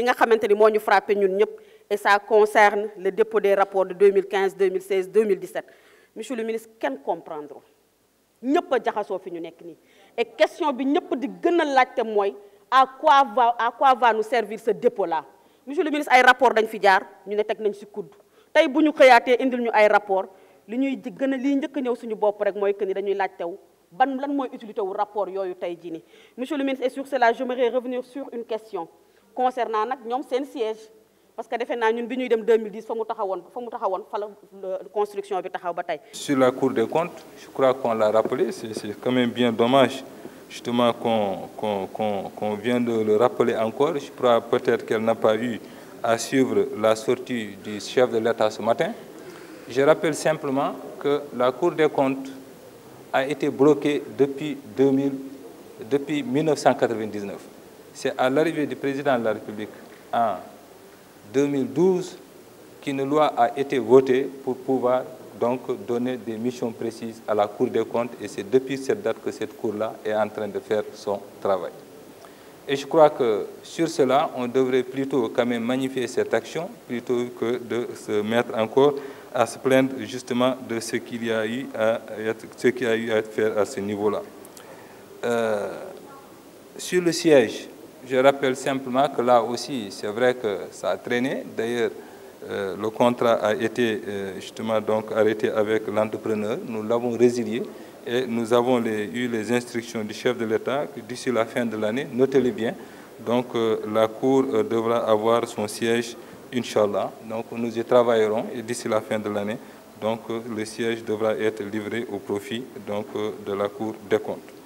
li nga xamanteni ni moo ñu frappé ñun ñëpp et ça concerne le dépôt des rapports de 2015 2016 2017 monsieur le ministre ken comprendre ñëpp a jaxasoo fi ñu nekk ni et question bi ñëpp di gën a laajte mooy à quoi va à quoi va nous servir ce dépôt là monsieur le ministre ay rapport dañ fi jaar ñu ne tek nañ si kudd tay buñu xeyaté xëyaatee indil ñu ay rapport li ñuy di gën a liy njëkk suñu bop rek moy que ni dañuy laaj tew ban lan moy utilité wu rapport yoyu tay ji ni monsieur le ministre et sur cela j'aimerais revenir sur une question concernant nak siège parce que défé na ñun biñuy dem 2010 fa faut fa la construction bi taxaw ba sur la cour des comptes je crois qu'on l'a rappelé c'est quand même bien dommage justement qu'on vienne vient de le rappeler encore je crois peut-être qu'elle n'a pas eu à suivre la sortie du chef de l'État ce matin je rappelle simplement que la cour des comptes a été bloquée depuis 2000 depuis 1999 c'est à l'arrivée du président de la République en 2012 qu'une loi a été votée pour pouvoir donc donner des missions précises à la Cour des comptes et c'est depuis cette date que cette Cour-là est en train de faire son travail. Et je crois que sur cela, on devrait plutôt quand même magnifier cette action plutôt que de se mettre encore à se plaindre justement de ce qu'il y a eu à, ce a eu à faire à ce niveau-là. Euh, sur le siège, je rappelle simplement que là aussi, c'est vrai que ça a traîné. D'ailleurs, euh, le contrat a été euh, justement donc arrêté avec l'entrepreneur. Nous l'avons résilié et nous avons eu les instructions du chef de l'État que d'ici la fin de l'année, notez les bien, donc euh, la Cour devra avoir son siège, Inch'Allah. Donc nous y travaillerons et d'ici la fin de l'année, donc le siège devra être livré au profit donc, de la Cour des comptes.